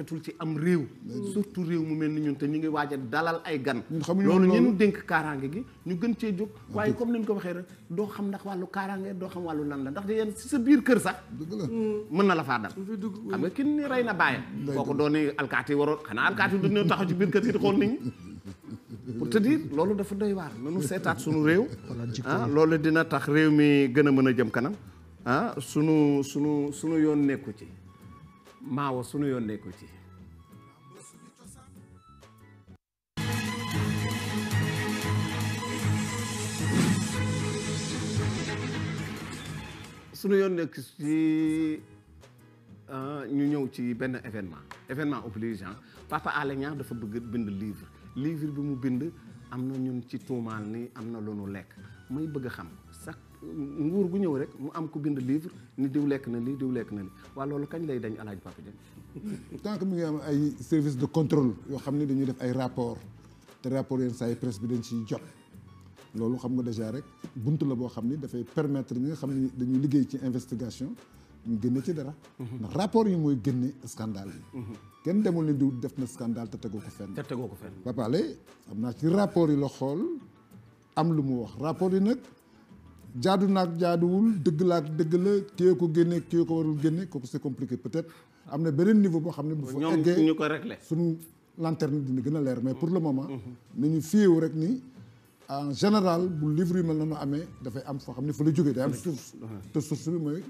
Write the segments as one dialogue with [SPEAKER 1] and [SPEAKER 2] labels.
[SPEAKER 1] fetul ci am réew surtout réew mu mel ni ñun te ñu ngi waaja dalal ay gan loolu ñu dénk kaaraange gi ñu gën cee jóg waaye comme ni ko waxee rek doo xam ndax wàllu kaaraange doo xam wàllu lan la ndax de yéen si sa biir kër sax mën na la faa dal
[SPEAKER 2] xam nga
[SPEAKER 1] kenn ni rey na bàyyam ko doon ni alkaati waroon xanaa alkaati du ñu taxaw ci biir kër gi di xool nit ñi pour te dire loolu dafa doy waar nanu seetaat suñu réew ah loolu dina tax réew mi gën a mën a jëm kanam ah sunu sunu sunu yoon nekku ci maawo sunu yoon nekku ci sunu yoon nekk ci ah, ñu ñëw ci benn événement événement obligeant ah. Papa Alé Niang dafa bëgg bind livre livre bi mu bind am na ñun ci tuumaal ni am na lu nu lekk muy bëgg xam nguur gu ñëw rek mu am ku bind livre ni diw lekk na lii diw lekk na lii waa loolu kañ lay dañ alaaj Papa Dieng
[SPEAKER 3] mu ngi am ay service de contrôle yoo xam ne dañuy def ay rapport te rapport yenn saa yi presse bi nga déjà rek bunt la boo xam ni dafay permettre ñi nga xam ne dañuy ci investigation ñu génne ci dara mhm. ndax rapport yi mooy génne scandale yi mhm. kenn demul ni diw def na scandale te tegoo ko fenn te tegoo naa ci rapport yi la xool am lu mu wax rapport yi nag jaadu naag jaaduwul dëgg laak dëgg la kii ko génne kii ko warul génne kooku c'est compliqué peut-être am na beneen niveau boo xam ne bu fa eggee ñu ko réglé suñu lanterne dina gën a leer mais pour le moment mhm. nañu fiyewu rek nii en général bu livre yu mel noonu amee dafay am foo xam ne fa la jógee day am source te source bi mooy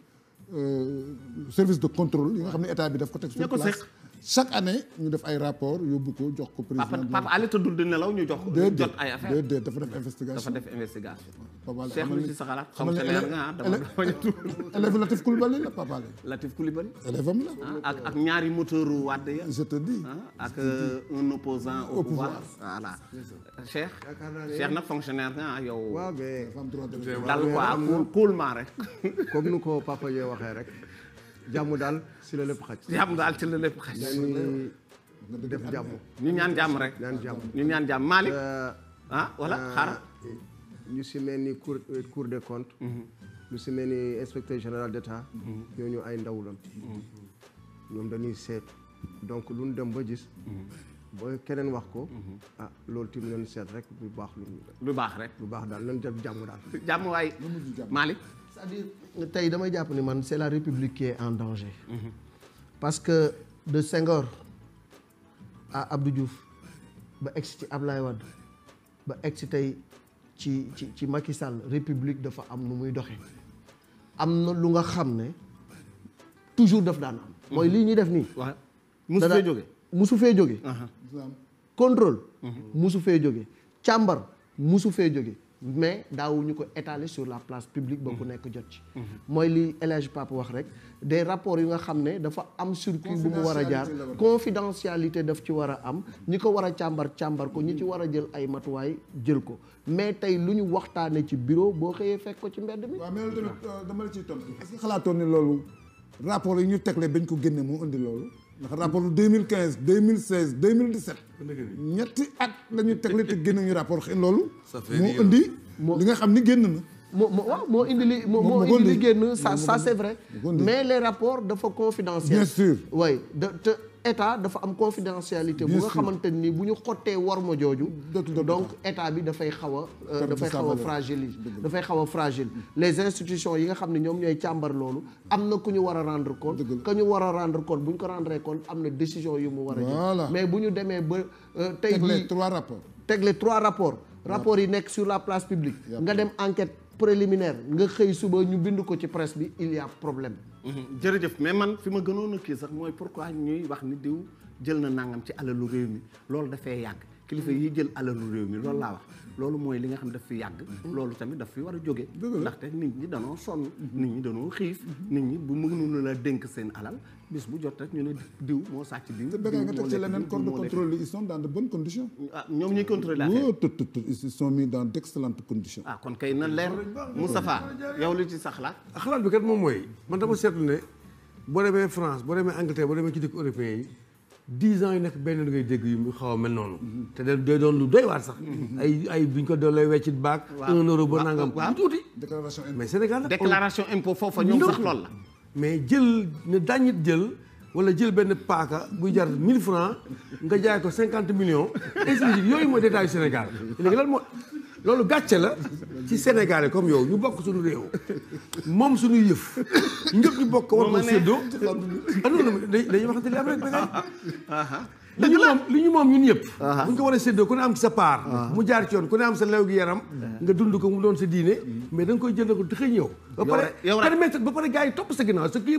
[SPEAKER 3] euh, service de contrôle yi nga xam ne état bi daf ko teg sur place chaque année ñu def ay rapport yóbbu ko jox ko président Papa Alé
[SPEAKER 1] tëddul di nelaw ñu jox ko jot ay affaire déedéet dafa def investigation dafa def investigation Papa Alé Cheikh lu ci sa xalaat xam nga
[SPEAKER 3] élève Latif Coulibaly la Papa Alé
[SPEAKER 1] Latif Coulibaly élève am la ah, ak ak ñaari moteur u Wade ya je te dis ah, ak euh, un opposant au pouvoir voilà Cheikh Cheikh nag fonctionnaire nga ah, yow waaw mais daal quoi cool
[SPEAKER 4] cool rek comme nu ko papa yooyu waxee rek jàmm daal ci la lépp xaj. jàmm
[SPEAKER 1] daal ci la lépp xaj.
[SPEAKER 4] ñu def jàmm. ñu ñaan jàmm rek. ñaan jàmm ñu ñaan jàmm Malick. Euh, ah euh, ñu si mel ni cour euh, cour des comptes. lu mm-hmm. si mel ni inspecteur général d'État. Mm-hmm. ñooñu ay ndaw la. Mm-hmm. ñoom dañuy seet donc lu ñu dem ba ba keneen wax ko. Mhm. ah loolu tamit nañu seet rek lu baax lu. lu baax rek lu baax daal nañu def jàmm daal.
[SPEAKER 1] jàmm waay Malick.
[SPEAKER 4] c'est-à-dire tey damay jàpp ni man c'est République en danger. Mhm. parce que de Senghor à Abdou ba egg ci Ablaye Wade ba egg ci tey ci ci ci Macky Sall République dafa am nu muy doxe am na lu nga xam ne toujours daf daan am. mooy mhm. lii ñuy def nii. waaw mosut jóge musu fee jóge contrôle mhm. musu fee jóge càmbar musu fee jóge mais daawuñu ko étale sur la place publique ba ku mhm. nekk jot ci mhm. mooy li El Hadj Pape wax rek de rapport yu nga xam ne dafa am circuit bu mu war a jaar confidentialité daf ci war a am ñi ko war a càmbar càmbar ko ñi ci war a jël ay matuwaay jël ko mais tey lu ñu waxtaane ci bureau boo xëyee fekk ko ci mbedd mi waaw mais loolu tamit euh, dama la ciy tontu est
[SPEAKER 3] xalaatoon ni loolu rapport yi ñu tegle bañ ko génne moo indi loolu ndax rapport bu 2015 2016 2017. ñetti at la ñuy tegle te génn ñu rapport xëy loolu. moo
[SPEAKER 4] indi li nga xam ni génn na. moo moo waaw moo indi li moo moo indi li génn ça ça c'est vrai. mais le rapport dafa confidentiel. bien sûr oui de te. état dafa am confidentialité bu nga xamante ni bu ñu xottee warma jooju donc état bi dafay xaw a euh, dafay xaw a fragile dafay xaw a fragile les institutions yi nga xam ne ñoom ñooy càmbar loolu am na ku ñu war a rendre compte que ñu war a rendre compte bu ñu ko rendre compte am na décision yu mu war a jël mais bu ñu demee ba euh, tey jii teg les trois rapports trois rapports rapports yi nekk sur la place publique nga dem enquête préliminaire nga xëy suba ñu bind ko ci presse bi il y a problème. Mhm. jërëjëf mais man fi ma gënoon a kii sax mooy pour pourquoi ñuy
[SPEAKER 1] wax ni diw jël na nangam ci alalu réew mi loolu dafay yàgg kilifa yi jël alalu réew mi loolu laa wax loolu mooy li nga xam ne daf fi yàgg. loolu tamit daf fi war a jóge. ndaxte nit ñi danoo sonn. Mhm. nit ñi danoo xiif. Mhm. nit ñi bu mënuñu la dénk seen alal. bis bu jot rek ñu ne diw moo sàcc diw. diw moo nga teg ci leneen corps de contrôle
[SPEAKER 3] ils sont dans de bonnes conditions.
[SPEAKER 1] ah ñoom ñuy contrôler affaire bi
[SPEAKER 3] tut ils sont
[SPEAKER 2] mis dans d' excellentes conditions. ah kon kay na leer Moustapha yow li ci sa xalaat. xalaat bi kat moom mooy man dama seetlu ne boo demee France boo demee Angleterre boo demee ci dëkk européen yi dix ans yu nekk benn ngay dégg yu xaw a mel noonu. te day doon lu doy waar sax. ay ay bu ñu ko doon lay weccit baag. un euro ba nangam
[SPEAKER 3] tuuti. déclaration
[SPEAKER 2] impôt mais Sénégal déclaration impôt foofa ñoom sax loolu la. mais jël ne daañit jël wala jël benn paaka buy jar mille francs nga jaay ko cinquante millions explique yooyu mooy détail Sénégal léegi lan moo loolu gàcce la ci Sénégalais comme yow ñu bokk suñu réew moom suñuy yëf ñëpp ñu bokk war ma séddoo ah non non dañuy waxante li am rek dëgg la li ñu moom ñun yëpp bu ñu ko war a séddoo ku ne am sa part mu jaar ci yoon ku ne am sa lew gi yaram nga dund ko mu doon sa diine mais da koy jënd ko te xëy ñëw ba pare permettre ba pare gars yi topp sa ginnaaw ce qui est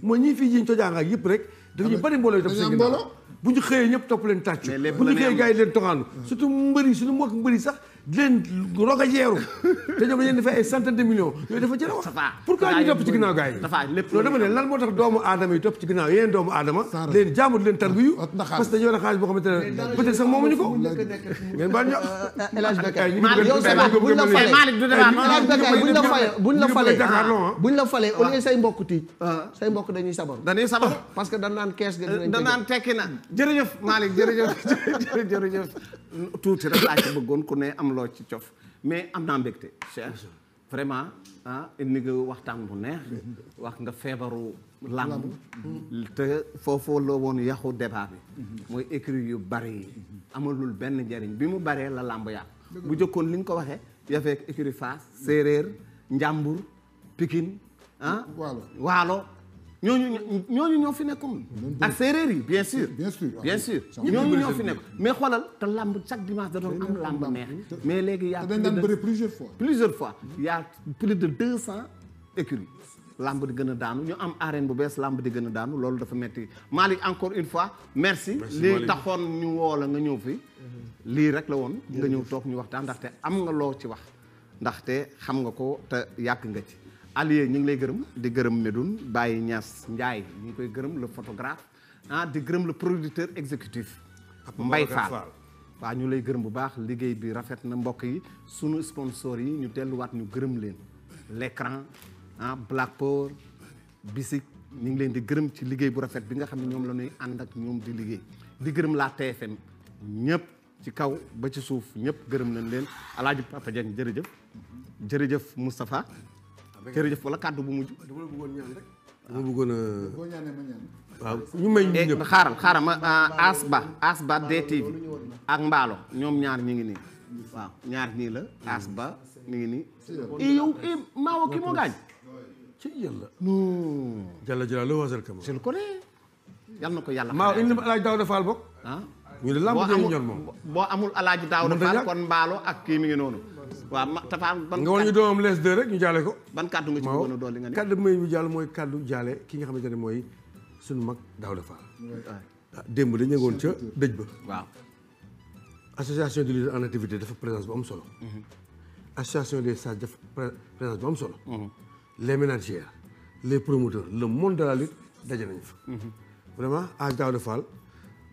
[SPEAKER 2] mooy ñii fii jiñ cojaanga ak yëpp rek dañuy ah, bari mbooloo topp sa ginnaaw bu ñu xëyee ñëpp topp leen tàccu bu ñu xëyee gars yi leen toxaanu surtout mbëri suñu mbokk mbëri sax di leen rogajeeru te ñoom dañu fay ay centaine de millions yooyu dafa jëlee wax. pourquoi ñu topp ci ginnaaw gars yi. lépp loolu dama ne lan moo tax doomu aadama yi topp ci ginnaaw yeneen doomu aadama. leen jaamu leen tarbiyu parce que dañoo ne xaalis boo xamante ne du
[SPEAKER 4] débat ah, say mbokk tiit ah. say mbokk dañuy sabar. dañuy sabar parce que kees ga euh, dinañ danaan tekki na jërëjëf Malick jërëjëf jërëjëf tuuti rek laa ci bëggoon ku ne am
[SPEAKER 1] am loo ci cof mais am naa mbégte Cheikh vraiment ah ni nga waxtaan bu neex wax nga feebaru làmb te foofoo la woon yaxu débat bi mooy écrit yu bari yi amalul benn njariñ bi mu baree la làmb yàq bu jëkkoon li nga ko waxee yafeek écrit Fass séeréer njàmbur pikin ah, waalo ñooñu ñu ñoo fi nekkoon. ak séeréer yi bien sûr. bien sûr bien sûr ñooñu ñoo fi nekk mais xoolal te làmb chaque dimanche da doon am lamb neex. mais léegi y' a plus de plusieurs fois. plusieurs fois y' de deux cent écuries. lamb di gën a daanu ñu am arène bu bees làmb di gën a daanu loolu dafa metti Malick encore une fois. merci lii taxoon ñu woola nga ñëw fi. lii rek la woon nga ñëw toog ñu waxtaan ndaxte am nga loo ci wax. ndaxte xam nga ko te yàgg nga ci. allier ñu ngi lay gërëm di gërëm Medoune bàyyi Niass Ndiaye ñu ngi koy gërëm le photographe ah di gërëm la producteur exécutif Mbaye Fall waaw ñu lay gërëm bu baax liggéey bi rafet na mbokk yi sunu sponsor yi ñu delluwaat ñu gërëm leen l'écran ah Blackpool Bisik ñu ngi leen di gërëm ci liggéey bu rafet bi nga xam ne ñoom la ñuy ànd ak ñoom di liggéey di gërëm la TFM ñëpp ci kaw ba ci suuf ñëpp gërëm nañ leen Alaaji Papa Dieng jërëjëf jërëjëf mustafa jërëjëf wala kàddu bu mujj. dama la bëggoon a. boo ñaanee ma eh, xaaral xaaral ma Asba Asba DTV ak Mbaalo ñoom ñaar ñu ngi nii waaw ñaar nii la mm. Asba mi ngi nii. i yow i Maawo kii moo gaañ. ci
[SPEAKER 2] yàlla. non. Jalla Jalla loo wasal kama. je le connais. yal na ko yàlla. Maaw indi Alaaji Daawda Faal bokk. ah ñu ne lamb ñoom moom
[SPEAKER 1] boo amul Alaaji Daawda Faal kon Mbaalo ak kii mi ngi noonu. waaw ma dafa ban. nga woon ñu doomam
[SPEAKER 2] les deux rek ñu jaale ko. ban kàddu nga ci mën a dolli nga ne. kàddu may bu jàll mooy kàddu jaale ki nga xamante ne mooy sunu mag Daouda Fall. Ah, démb dañu yëngoon ca dëj ba. waaw. association des leaders dafa présence bu am solo. Mhm. association des sages dafa présence bu am solo. Mhm. les ménagères les promoteurs le monde de la lutte daje nañu fa. Mhm. vraiment à Daouda Fall.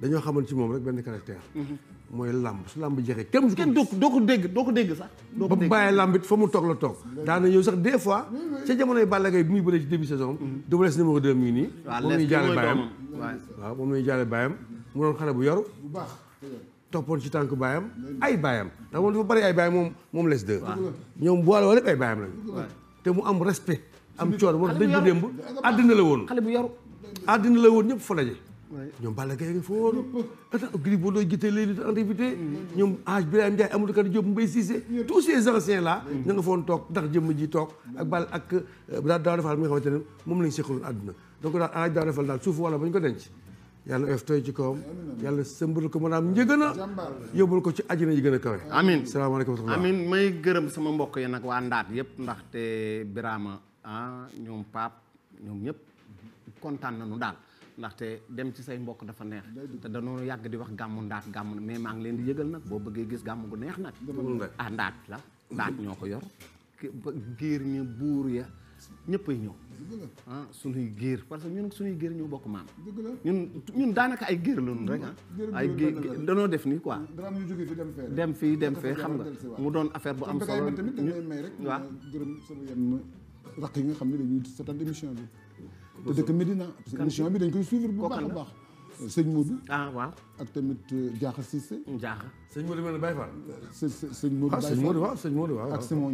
[SPEAKER 2] dañoo xamoon ci moom rek benn caractère. Mhm. mooy làmb su làmb jeexee kenn du ko. kenn doo ko dégg doo ko dégg sax. doo ko dégg ba bàyyi làmb it fa mu toog la toog. daana ñëw sax des fois. ca jamonoy Balla Gaye bi muy bëree ci début saison mhm. am. Double Less numéro 2 mi ngi moom la ñuy jaale baayam waaw moom xale bu yoru. bu baax toppoon ci tànk baayam ay baayam ndax moom dafa bari ay baayam moom moom Less 2. ñoom boole wala ay baayam lañu. te mu am respect. am coono wax dëgg dañ démb àddina la woon. xale bu yaru àddina la woon ñëpp fa daje ñoom Balla Gaye nga fa woon ata Gris Bordeaux jiite les luttes en activité ñoom Aj Birahim Ndiaye Amadou Kane Diop Mbaye Cissé tous ces anciens là ña nga foon toog ndax jëmm ji toog ak Balla ak daal daaw defal mi nga xamante ne moom lañ seqaloon àdduna donc daal aaj daaw defal daal suuf wala bañ ko denc yàlla oyof tooy ci kawam ko maanaam njëgën a yóbbul ko ci àjjana yi gën a kawe amin salaamaaleykum amin
[SPEAKER 1] may gërëm sama mbokk yi nag waa ndaat yëpp ndaxte Birama ah ñoom Pape ñoom ñëpp kontaan nañu daal ndaxte dem ci say mbokk dafa neex te dañoo yàgg di wax gàmmu ndaat gàmmu mais maa ngi leen di yëgal nag boo bëggee gis gàmmu gu neex nag ah ndaat la ndaat ñoo ko yor géer ñu buur ya ñëppay ñëw ah suñuy géer parce que ñun suñuy géer ñoo bokk maam ñun ñun daanaka ay géer la ñu rek ah ay géer danoo def nii quoi
[SPEAKER 3] dem fii dem fee xam nga mu doon affaire bu am solo waaw gërëm sama yenn raq yi xam ne dañuy émission bi te dëkk Medina
[SPEAKER 2] parce que émission bi dañ koy
[SPEAKER 3] suivre bu baax a baax sëñ Modou. ah waaw ak tamit euh, Diakha Cissé. Diakha
[SPEAKER 2] sëñ Modou ma ne Baye Fall. Euh,
[SPEAKER 3] së sëñ Modou ah, Baye Fall sëñ Modou waaw sëñ Modou waaw. ak Simon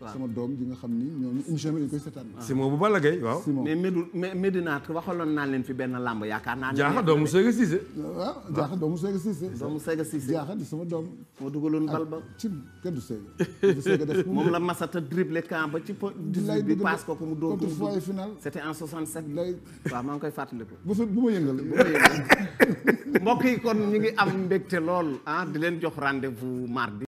[SPEAKER 3] nga xam ni ñooñu émission bi dañu koy seetaan. Ah. Simon bu
[SPEAKER 1] Balla Gaye waaw. Simon mais Médou Médina waxaloon naa leen fi naa. Diakha
[SPEAKER 3] doomu Séga
[SPEAKER 2] Cissé.
[SPEAKER 1] waaw
[SPEAKER 3] ah, Diakha doomu Séga Cissé. doomu Séga Cissé Diakha di sama doom. moo dugaloon bal ba ci kenn du Séga. du Séga def moom la
[SPEAKER 1] Masata dribble camp ba ci po. di bi paas ko ko mu dóor ko mu dugg. c'était en 67. lay waaw maa ngi koy fàttaliku. bu ma yëngal yi kon ñu ngi am mbégte lool ah di leen jox rendez-vous mardi.